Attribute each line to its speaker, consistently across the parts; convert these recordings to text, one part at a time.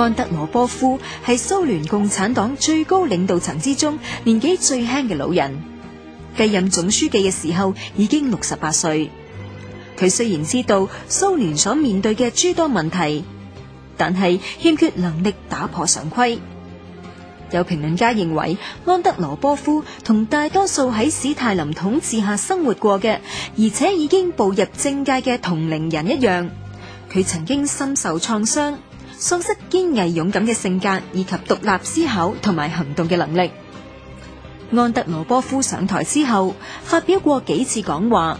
Speaker 1: 安德羅波夫係蘇聯共產黨最高領導層之中年紀最輕嘅老人，繼任總書記嘅時候已經六十八歲。佢雖然知道蘇聯所面對嘅諸多問題，但係欠缺能力打破常規。有評論家認為，安德羅波夫同大多數喺史太林統治下生活過嘅，而且已經步入政界嘅同齡人一樣，佢曾經深受創傷。喪失堅毅勇敢嘅性格以及獨立思考同埋行動嘅能力。安德羅波夫上台之後，發表過幾次講話，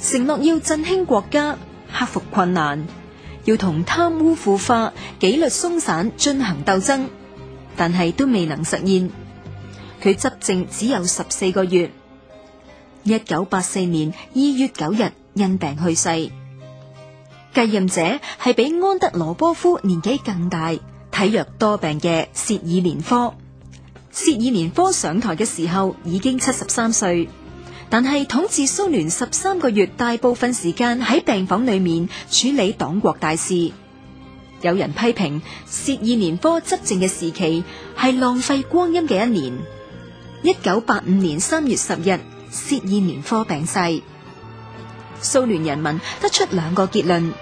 Speaker 1: 承諾要振興國家、克服困難、要同貪污腐化、紀律鬆散進行鬥爭，但係都未能實現。佢執政只有十四個月，一九八四年二月九日因病去世。繼任者係比安德羅波夫年紀更大、體弱多病嘅薛爾年科。薛爾年科上台嘅時候已經七十三歲，但係統治蘇聯十三個月，大部分時間喺病房裏面處理黨國大事。有人批評薛爾年科執政嘅時期係浪費光陰嘅一年。一九八五年三月十日，薛爾年科病逝，蘇聯人民得出兩個結論。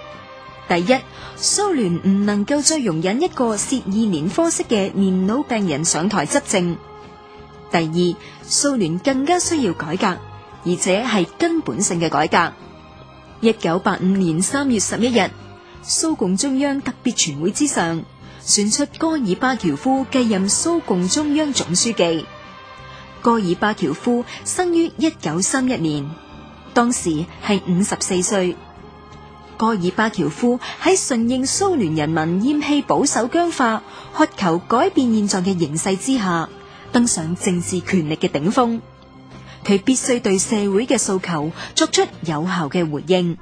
Speaker 1: 第一，蘇聯唔能夠再容忍一個契爾年科式嘅年老病人上台執政。第二，蘇聯更加需要改革，而且係根本性嘅改革。一九八五年三月十一日，蘇共中央特別全會之上選出戈爾巴喬夫繼任蘇共中央總書記。戈爾巴喬夫生於一九三一年，當時係五十四歲。戈爾巴喬夫喺順應蘇聯人民厭棄保守僵化、渴求改變現狀嘅形勢之下，登上政治權力嘅頂峰，佢必須對社會嘅訴求作出有效嘅回應。